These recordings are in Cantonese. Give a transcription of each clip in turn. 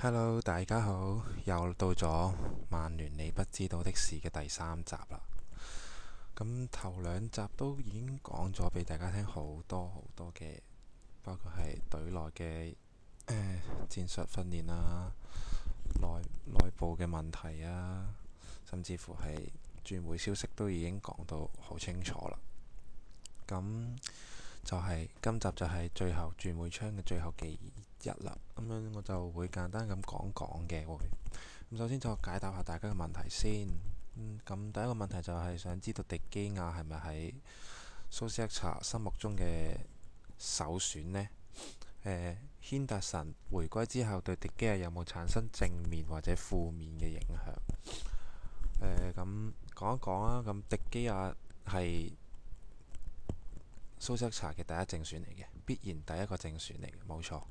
Hello，大家好，又到咗曼聯你不知道的事嘅第三集啦。咁頭兩集都已經講咗俾大家聽好多好多嘅，包括係隊內嘅誒戰術訓練啊，內內部嘅問題啊，甚至乎係轉會消息都已經講到好清楚啦。咁就係、是、今集就係最後轉會窗嘅最後記憶。一啦，咁樣、嗯、我就會簡單咁講講嘅會。咁首先就解答下大家嘅問題先。咁、嗯、第一個問題就係想知道迪基亞係咪喺蘇斯克查心目中嘅首選呢？誒、呃，軒達臣回歸之後，對迪基亞有冇產生正面或者負面嘅影響？誒、呃，咁、嗯、講一講啊。咁、嗯、迪基亞係蘇斯克查嘅第一正選嚟嘅，必然第一個正選嚟嘅，冇錯。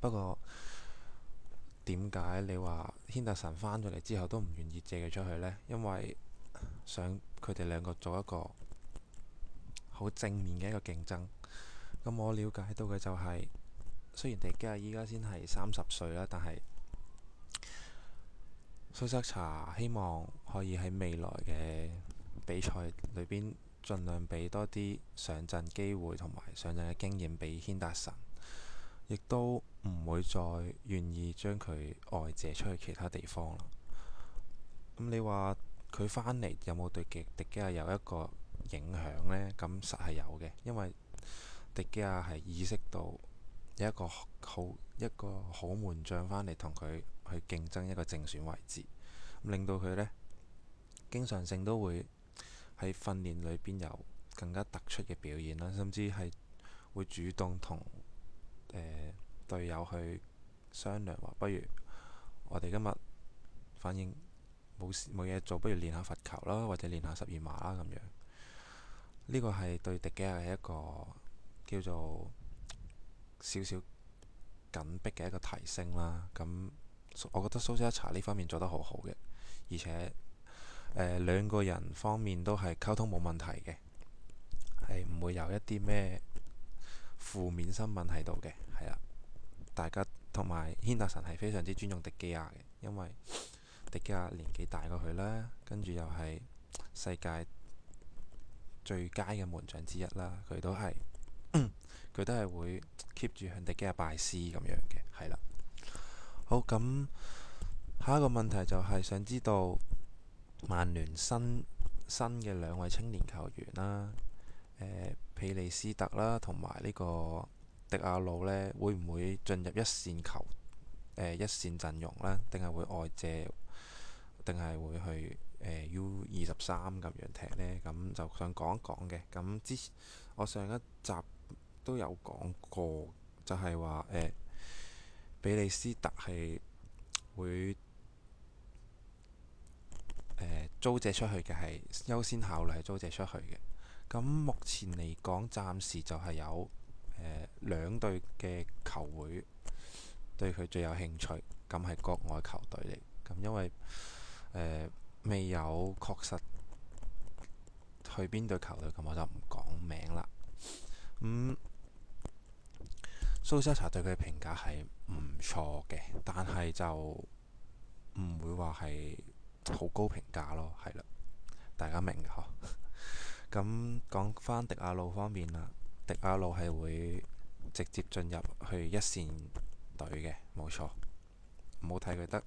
不過點解你話軒達臣返咗嚟之後都唔願意借佢出去呢？因為想佢哋兩個做一個好正面嘅一個競爭。咁、嗯、我了解到嘅就係、是，雖然迪迦依家先係三十歲啦，但係蘇塞查希望可以喺未來嘅比賽裏邊，盡量俾多啲上陣機會同埋上陣嘅經驗俾軒達臣。亦都唔會再願意將佢外借出去其他地方啦。咁你話佢返嚟有冇對迪基亞有一個影響呢？咁實係有嘅，因為迪基亞係意識到有一個好一個好門將返嚟同佢去競爭一個正選位置，令到佢呢經常性都會喺訓練裏邊有更加突出嘅表現啦，甚至係會主動同誒、呃、隊友去商量話，不如我哋今日反應冇事冇嘢做，不如練下罰球啦，或者練下十二碼啦咁樣。呢個係對迪嘅啊一個叫做少少緊迫嘅一個提升啦。咁我覺得蘇西一茶呢方面做得好好嘅，而且誒、呃、兩個人方面都係溝通冇問題嘅，係唔會有一啲咩負面新聞喺度嘅，係啦，大家同埋軒達臣係非常之尊重迪基亞嘅，因為迪基亞年紀大過佢啦，跟住又係世界最佳嘅門將之一啦，佢都係佢 都係會 keep 住向迪基亞拜師咁樣嘅，係啦。好，咁下一個問題就係想知道曼聯新新嘅兩位青年球員啦。誒，比、呃、利斯特啦，同埋呢個迪亞魯呢，會唔會進入一線球誒、呃、一線陣容呢，定係會外借？定係會去誒、呃、U 二十三咁樣踢呢？咁就想講一講嘅。咁之前我上一集都有講過就，就係話誒比利斯特係會誒、呃、租借出去嘅，係優先考慮係租借出去嘅，咁目前嚟講，暫時就係有誒、呃、兩隊嘅球會對佢最有興趣，咁係國外球隊嚟。咁因為、呃、未有確實去邊隊球隊，咁我就唔講名啦。咁蘇西茶對佢評價係唔錯嘅，但係就唔會話係好高評價咯，係啦，大家明嘅。咁講返迪亞路方面啦，迪亞路係會直接進入去一線隊嘅，冇錯。唔好睇佢得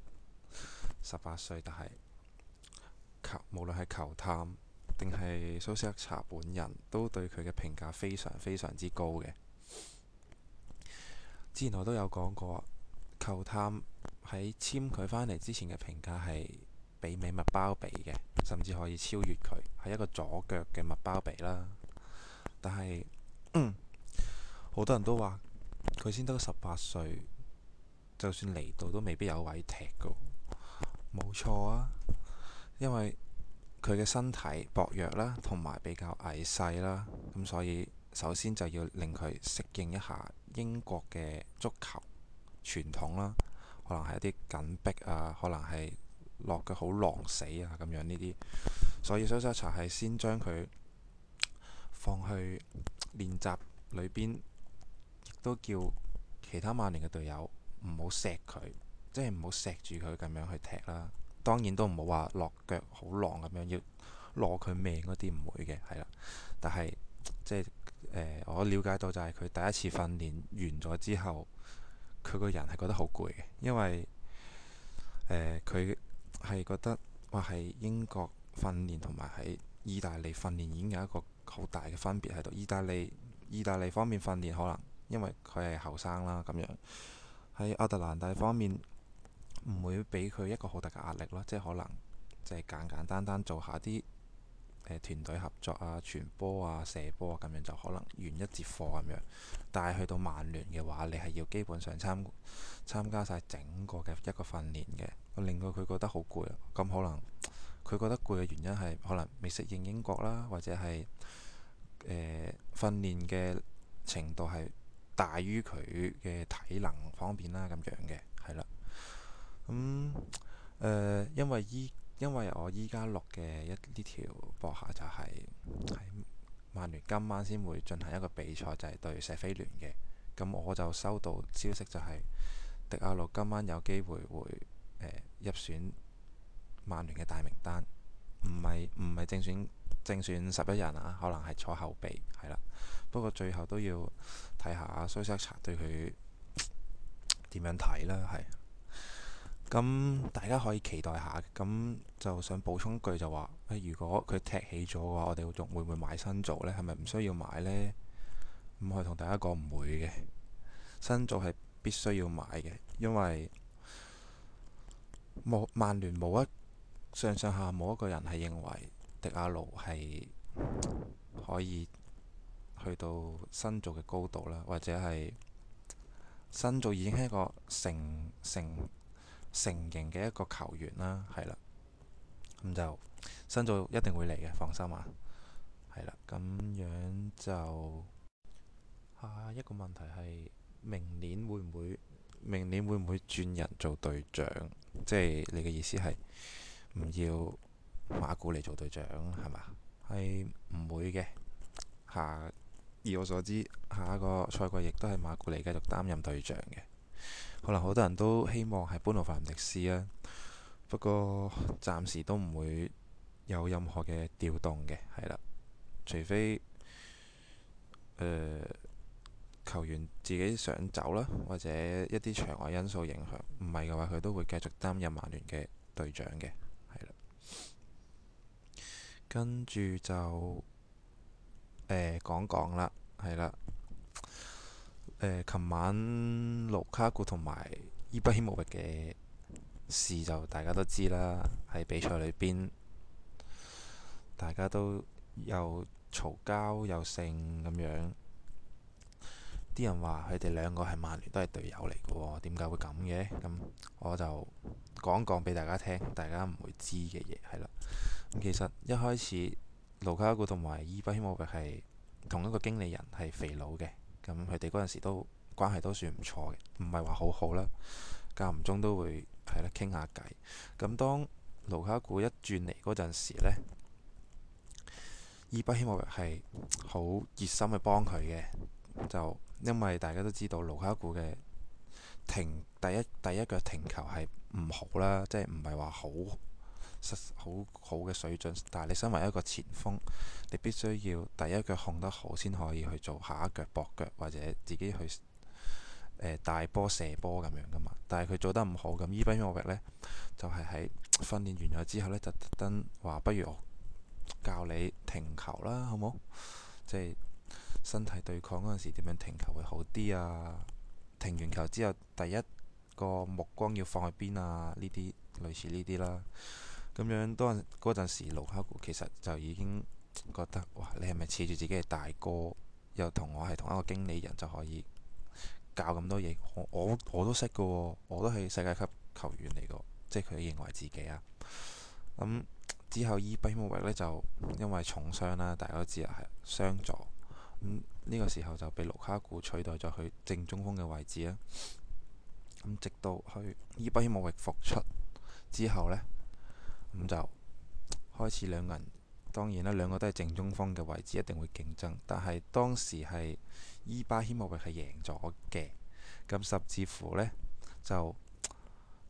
十八歲，但係球無論係球探定係蘇斯克查本人都對佢嘅評價非常非常之高嘅。之前我都有講過，球探喺簽佢返嚟之前嘅評價係，媲美物包比嘅，甚至可以超越佢，係一個左腳嘅物包比啦。但係好、嗯、多人都話佢先得十八歲，就算嚟到都未必有位踢嘅，冇錯啊。因為佢嘅身體薄弱啦，同埋比較矮細啦，咁所以首先就要令佢適應一下英國嘅足球傳統啦，可能係一啲緊迫啊，可能係。落腳好狼死啊！咁樣呢啲，所以蘇蘇查係先將佢放去練習裏邊，亦都叫其他曼聯嘅隊友唔好錫佢，即係唔好錫住佢咁樣去踢啦。當然都唔好話落腳好狼咁樣，要攞佢命嗰啲唔會嘅，係啦。但係即係誒，我了解到就係佢第一次訓練完咗之後，佢個人係覺得好攰嘅，因為誒佢。呃係覺得話喺英國訓練同埋喺意大利訓練已經有一個好大嘅分別喺度。意大利意大利方面訓練可能因為佢係後生啦，咁樣喺亞特蘭大方面唔會俾佢一個好大嘅壓力咯，即係可能即係簡簡單單做下啲。誒團隊合作啊、傳波啊、射波啊，咁樣就可能完一節課咁樣。但係去到曼聯嘅話，你係要基本上參參加晒整個嘅一個訓練嘅，令到佢覺得好攰啊。咁可能佢覺得攰嘅原因係可能未適應英國啦，或者係誒、呃、訓練嘅程度係大於佢嘅體能方面啦咁樣嘅，係啦。咁、嗯、誒、呃，因為依因為我依家錄嘅一呢條博客就係、是、喺曼聯今晚先會進行一個比賽，就係、是、對錫菲聯嘅。咁我就收到消息就係、是、迪亞洛今晚有機會會、呃、入選曼聯嘅大名單，唔係唔係正選正選十一人啊，可能係坐後備係啦。不過最後都要睇下蘇斯查對佢點樣睇啦，係。咁大家可以期待下。咁就想補充句，就話：誒，如果佢踢起咗嘅話，我哋仲會唔會買新組呢？係咪唔需要買呢？唔可以同大家講，唔會嘅，新組係必須要買嘅，因為冇曼聯冇一上上下冇一個人係認為迪亞盧係可以去到新組嘅高度啦，或者係新組已經係一個成成。成型嘅一個球員啦，係啦，咁就新組一定會嚟嘅，放心啊。係啦，咁樣就下一個問題係明年會唔會？明年會唔會轉人做隊長？即係你嘅意思係唔要馬古尼做隊長，係嘛？係唔會嘅。下以我所知，下一個賽季亦都係馬古尼繼續擔任隊長嘅。可能好多人都希望係搬到凡迪斯啊，不過暫時都唔會有任何嘅調動嘅，係啦，除非誒、呃、球員自己想走啦，或者一啲場外因素影響，唔係嘅話，佢都會繼續擔任曼聯嘅隊長嘅，係啦。跟住就誒、呃、講講啦，係啦。誒，琴、呃、晚盧卡古同埋伊巴希莫維嘅事就大家都知啦，喺比賽裏邊，大家都又嘈交又勝咁樣，啲人話佢哋兩個係曼聯都係隊友嚟嘅喎，點解會咁嘅？咁我就講一講俾大家聽，大家唔會知嘅嘢係啦。咁其實一開始盧卡古同埋伊巴希莫維係同一個經理人，係肥佬嘅。咁佢哋嗰陣時都關係都算唔錯嘅，唔係話好好啦。間唔中都會係啦，傾下偈。咁當盧卡古一轉嚟嗰陣時呢，伊布希莫係好熱心去幫佢嘅，就因為大家都知道盧卡古嘅停第一第一腳停球係唔好啦，即係唔係話好。好好嘅水準，但係你身為一個前鋒，你必須要第一腳控得好，先可以去做下一腳搏腳或者自己去誒、呃、大波射波咁樣噶嘛。但係佢做得唔好，咁依班學域咧就係喺訓練完咗之後呢就特登話不如我教你停球啦，好冇？即係身體對抗嗰陣時點樣停球會好啲啊？停完球之後，第一個目光要放去邊啊？呢啲類似呢啲啦。咁樣當嗰陣時，盧卡古其實就已經覺得哇！你係咪恃住自己嘅大哥，又同我係同一個經理人就可以搞咁多嘢？我我都識㗎喎，我都係、哦、世界級球員嚟嘅，即係佢認為自己啊。咁、嗯、之後，伊比希莫域呢，就因為重傷啦，大家都知啊，係傷咗。咁、這、呢個時候就被盧卡古取代咗佢正中鋒嘅位置啦、啊。咁、嗯、直到佢伊比希莫域復出之後呢。咁就開始兩個人，當然啦，兩個都係正中鋒嘅位置，一定會競爭。但係當時係伊巴希莫維係贏咗嘅，咁甚至乎呢，就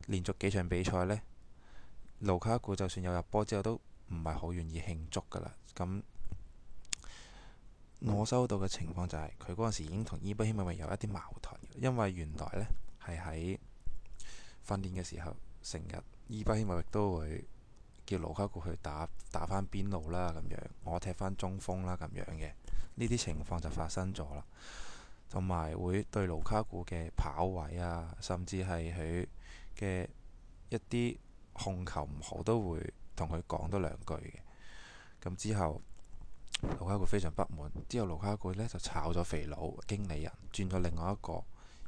連續幾場比賽呢，盧卡古就算有入波之後，都唔係好願意慶祝噶啦。咁我收到嘅情況就係，佢嗰陣時已經同伊巴希莫維有一啲矛盾，因為原來呢係喺訓練嘅時候，成日伊巴希莫維都會，叫盧卡古去打打翻邊路啦，咁樣我踢翻中鋒啦，咁樣嘅呢啲情況就發生咗啦，同埋會對盧卡古嘅跑位啊，甚至係佢嘅一啲控球唔好，都會同佢講多兩句嘅。咁之後盧卡古非常不滿，之後盧卡古呢就炒咗肥佬經理人，轉咗另外一個，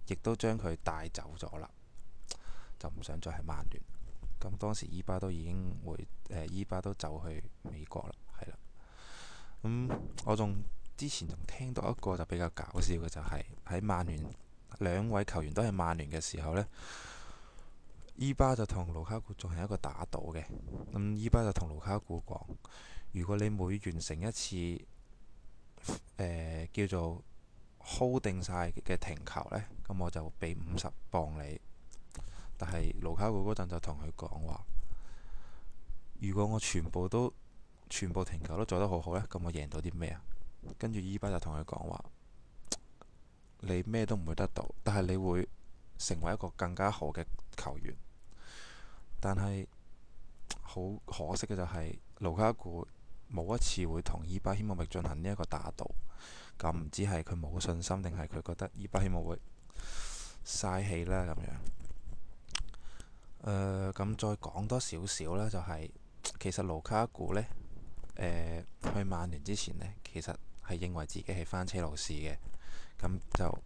亦都將佢帶走咗啦，就唔想再係曼聯。咁當時伊、e、巴都已經會誒，伊、呃、巴、e、都走去美國啦，係啦。咁、嗯、我仲之前仲聽到一個就比較搞笑嘅，就係、是、喺曼聯兩位球員都係曼聯嘅時候呢，伊、e、巴就同盧卡古仲係一個打賭嘅。咁伊巴就同盧卡古講：如果你每完成一次誒、呃、叫做 hold 定晒嘅停球呢，咁我就俾五十磅你。但係盧卡古嗰陣就同佢講話：如果我全部都全部停球都做得好好呢，咁我贏到啲咩啊？跟住伊巴就同佢講話：你咩都唔會得到，但係你會成為一個更加好嘅球員。但係好可惜嘅就係、是、盧卡古冇一次會同伊巴希莫力進行呢一個打賭。咁唔知係佢冇信心，定係佢覺得伊巴希莫會嘥氣啦？咁樣。誒咁、呃、再講多少少啦，就係、是、其實盧卡古呢，誒、呃、去曼聯之前呢，其實係認為自己係返車路士嘅，咁就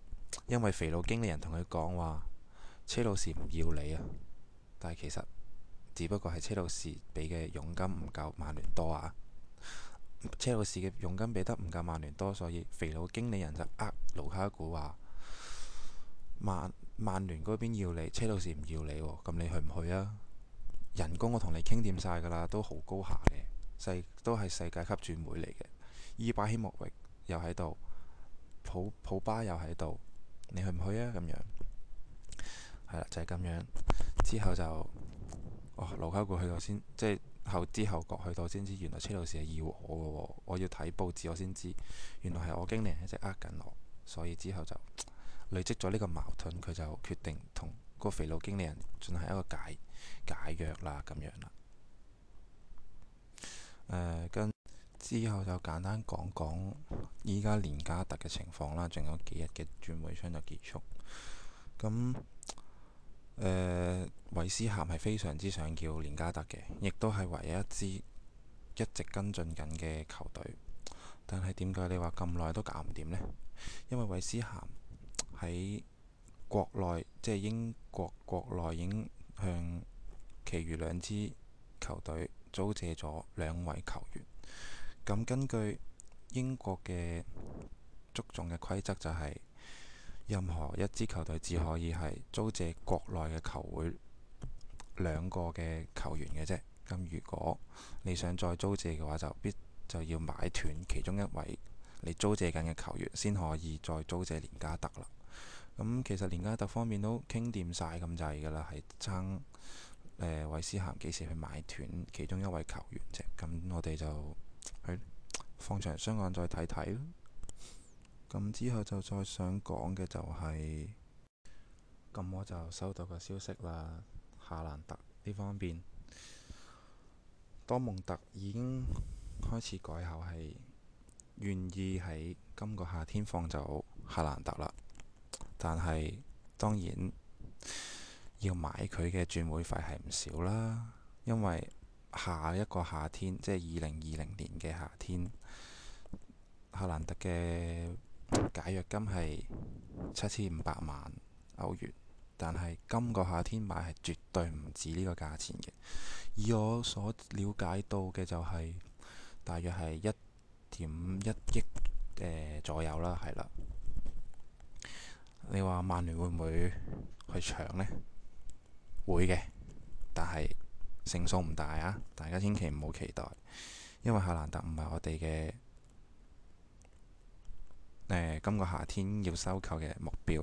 因為肥佬經理人同佢講話，車路士唔要你啊，但係其實只不過係車路士俾嘅佣金唔夠曼聯多啊，車路士嘅佣金俾得唔夠曼聯多，所以肥佬經理人就呃盧卡古話曼。曼聯嗰邊要你，車路士唔要你喎、哦，咁你去唔去啊？人工我同你傾掂晒噶啦，都好高下嘅，世都係世界級轉會嚟嘅，伊巴希莫域又喺度，普普巴又喺度，你去唔去啊？咁樣係啦，就係、是、咁樣。之後就哦，盧卡古去到先，即係後之後過去到先知，原、哦知，原來車路士係要我喎，我要睇報紙我先知，原來係我經理一直呃緊我，所以之後就。累積咗呢個矛盾，佢就決定同個肥佬經理人進行一個解解約啦，咁樣啦、呃。跟之後就簡單講講依家連加特嘅情況啦，仲有幾日嘅轉會窗就結束。咁、嗯、誒、呃，韋斯咸係非常之想叫連加特嘅，亦都係唯一一支一直跟進緊嘅球隊。但係點解你話咁耐都搞唔掂呢？因為韋斯咸。喺國內，即係英國國內，已經向其餘兩支球隊租借咗兩位球員。咁根據英國嘅足總嘅規則，就係任何一支球隊只可以係租借國內嘅球會兩個嘅球員嘅啫。咁如果你想再租借嘅話，就必就要買斷其中一位你租借緊嘅球員，先可以再租借連加特啦。咁其實，連加特方面都傾掂晒咁滯㗎啦，係爭誒韋斯咸幾時去買斷其中一位球員啫。咁我哋就係、哎、放長雙眼再睇睇咯。咁之後就再想講嘅就係、是，咁我就收到個消息啦。夏蘭特呢方面，多蒙特已經開始改口，係願意喺今個夏天放走夏蘭特啦。但係當然要買佢嘅轉會費係唔少啦，因為下一個夏天，即係二零二零年嘅夏天，克蘭特嘅解約金係七千五百萬歐元，但係今個夏天買係絕對唔止呢個價錢嘅。以我所了解到嘅就係、是、大約係一點一億誒、呃、左右啦，係啦。你話曼聯會唔會去搶呢？會嘅，但係勝數唔大啊！大家千祈唔好期待，因為克蘭特唔係我哋嘅、呃、今個夏天要收購嘅目標。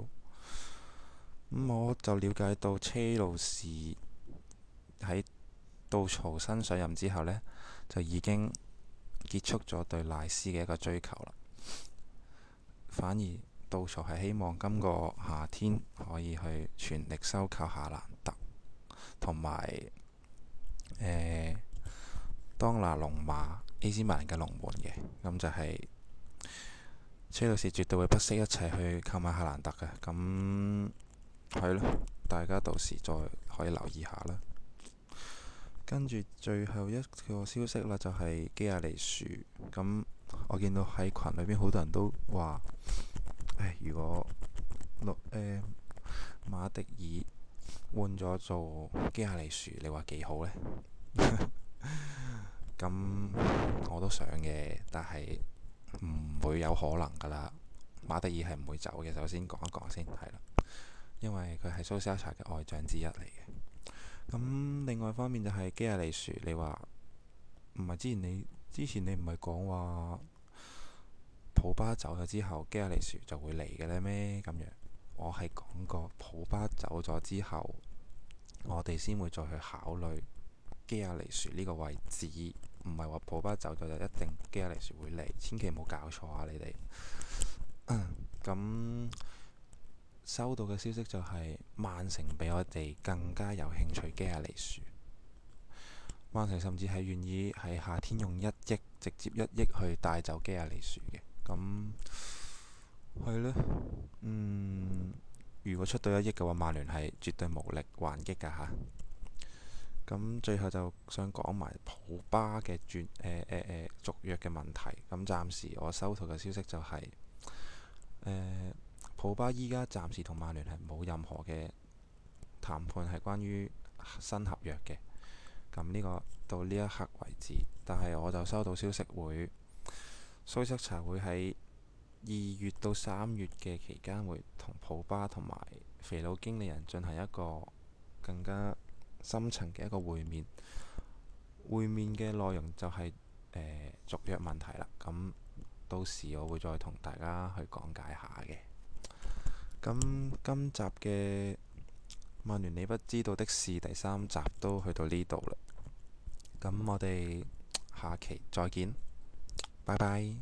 咁、嗯、我就了解到車路士喺杜曹新上任之後呢，就已經結束咗對賴斯嘅一個追求啦，反而。到時係希望今個夏天可以去全力收購夏蘭特，同埋誒當拿龍馬、阿斯曼嘅龍門嘅。咁就係車路士絕對會不惜一齊去購買夏蘭特嘅，咁係咯，大家到時再可以留意下啦。跟住最後一個消息啦，就係基亞利殊咁，我見到喺群裏邊好多人都話。誒，如果諾誒、呃、馬迪爾換咗做基亞利殊，你話幾好呢？咁 我都想嘅，但係唔會有可能噶啦。馬迪爾係唔會走嘅。首先講一講先，係啦。因為佢係蘇西亞查嘅愛將之一嚟嘅。咁另外一方面就係基亞利殊，你話唔係之前你之前你唔係講話？普巴走咗之後，基亞尼樹就會嚟嘅咧？咩咁樣？我係講過，普巴走咗之後，我哋先會再去考慮基亞尼樹呢個位置，唔係話普巴走咗就一定基亞尼樹會嚟。千祈冇搞錯啊！你哋咁、嗯、收到嘅消息就係、是、曼城比我哋更加有興趣基亞尼樹。曼城甚至係願意喺夏天用一億直接一億去帶走基亞尼樹嘅。咁係咯，嗯，如果出到一億嘅話，曼聯係絕對無力還擊噶吓。咁最後就想講埋普巴嘅轉誒續約嘅問題。咁暫時我收到嘅消息就係、是、呃、普巴依家暫時同曼聯係冇任何嘅談判，係關於新合約嘅。咁呢、這個到呢一刻為止，但係我就收到消息會。蘇塞查會喺二月到三月嘅期間，會同普巴同埋肥佬經理人進行一個更加深層嘅一個會面。會面嘅內容就係、是、誒、呃、續約問題啦。咁到時我會再同大家去講解下嘅。咁今集嘅曼聯你不知道的事第三集都去到呢度啦。咁我哋下期再見。拜拜。